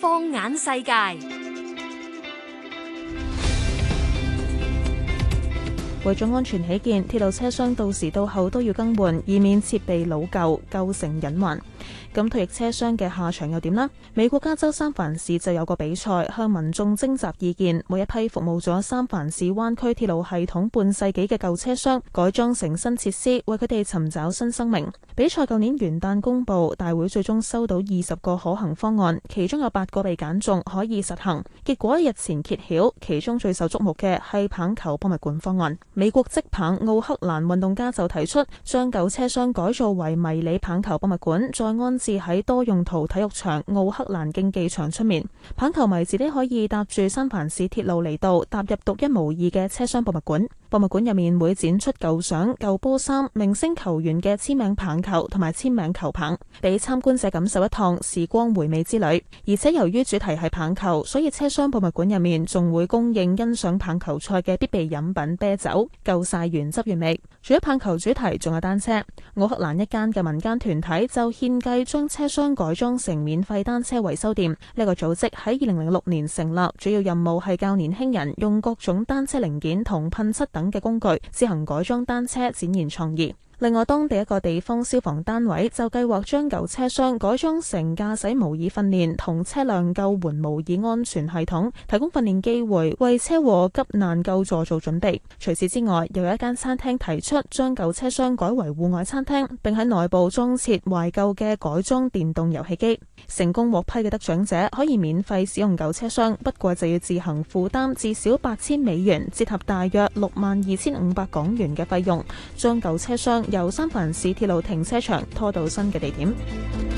放眼世界，為咗安全起見，鐵路車廂到時到後都要更換，以免設備老舊，構成隱患。咁退役車廂嘅下場又點呢？美國加州三藩市就有個比賽，向民眾徵集意見，每一批服務咗三藩市灣區鐵路系統半世紀嘅舊車廂，改裝成新設施，為佢哋尋找新生命。比賽舊年元旦公布，大會最終收到二十個可行方案，其中有八個被揀中可以實行。結果一日前揭曉，其中最受矚目嘅係棒球博物館方案。美國職棒奧克蘭運動家就提出，將舊車廂改造為迷你棒球博物館，再安置喺多用途體育場奧克蘭競技場出面，棒球迷自己可以搭住三藩市鐵路嚟到，踏入獨一無二嘅車廂博物館。博物館入面會展出舊相、舊波衫、明星球員嘅簽名棒球同埋簽名球棒，俾參觀者感受一趟時光回味之旅。而且由於主題係棒球，所以車廂博物館入面仲會供應欣賞棒球賽嘅必備飲品啤酒，夠晒原汁原味。除咗棒球主題，仲有單車。奧克蘭一間嘅民間團體就獻計將車廂改裝成免費單車維修店。呢個組織喺二零零六年成立，主要任務係教年輕人用各種單車零件同噴漆等。等嘅工具，自行改裝單車，展現創意。另外，當地一個地方消防單位就計劃將舊車廂改裝成駕駛模擬訓練同車輛救援模擬安全系統，提供訓練機會，為車禍急難救助做準備。除此之外，又有一間餐廳提出將舊車廂改為戶外餐廳，並喺內部裝設懷舊嘅改裝電動遊戲機。成功獲批嘅得獎者可以免費使用舊車廂，不過就要自行負擔至少八千美元（折合大約六萬二千五百港元）嘅費用，將舊車廂，由三藩市鐵路停車場拖到新嘅地點。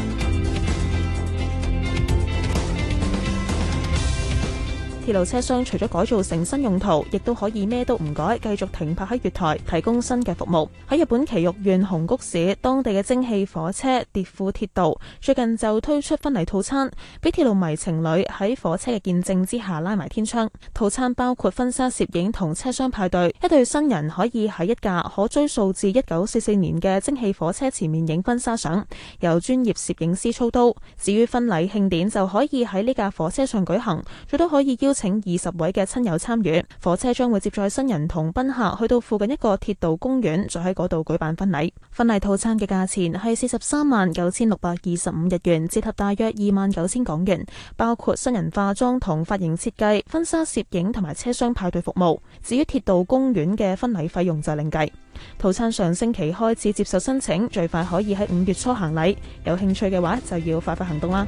鐵路車廂除咗改造成新用途，亦都可以咩都唔改，繼續停泊喺月台，提供新嘅服務。喺日本埼玉縣熊谷市，當地嘅蒸汽火車秩父鐵道最近就推出婚禮套餐，俾鐵路迷情侶喺火車嘅見證之下拉埋天窗。套餐包括婚紗攝影同車廂派對，一對新人可以喺一架可追溯至一九四四年嘅蒸汽火車前面影婚紗相，由專業攝影師操刀。至於婚禮慶典，就可以喺呢架火車上舉行，最多可以邀請二十位嘅親友參與，火車將會接載新人同賓客去到附近一個鐵道公園，再喺嗰度舉辦婚禮。婚禮套餐嘅價錢係四十三萬九千六百二十五日元，折合大約二萬九千港元，包括新人化妝同髮型設計、婚紗攝影同埋車廂派對服務。至於鐵道公園嘅婚禮費用就另計。套餐上星期開始接受申請，最快可以喺五月初行禮。有興趣嘅話，就要快快行動啦！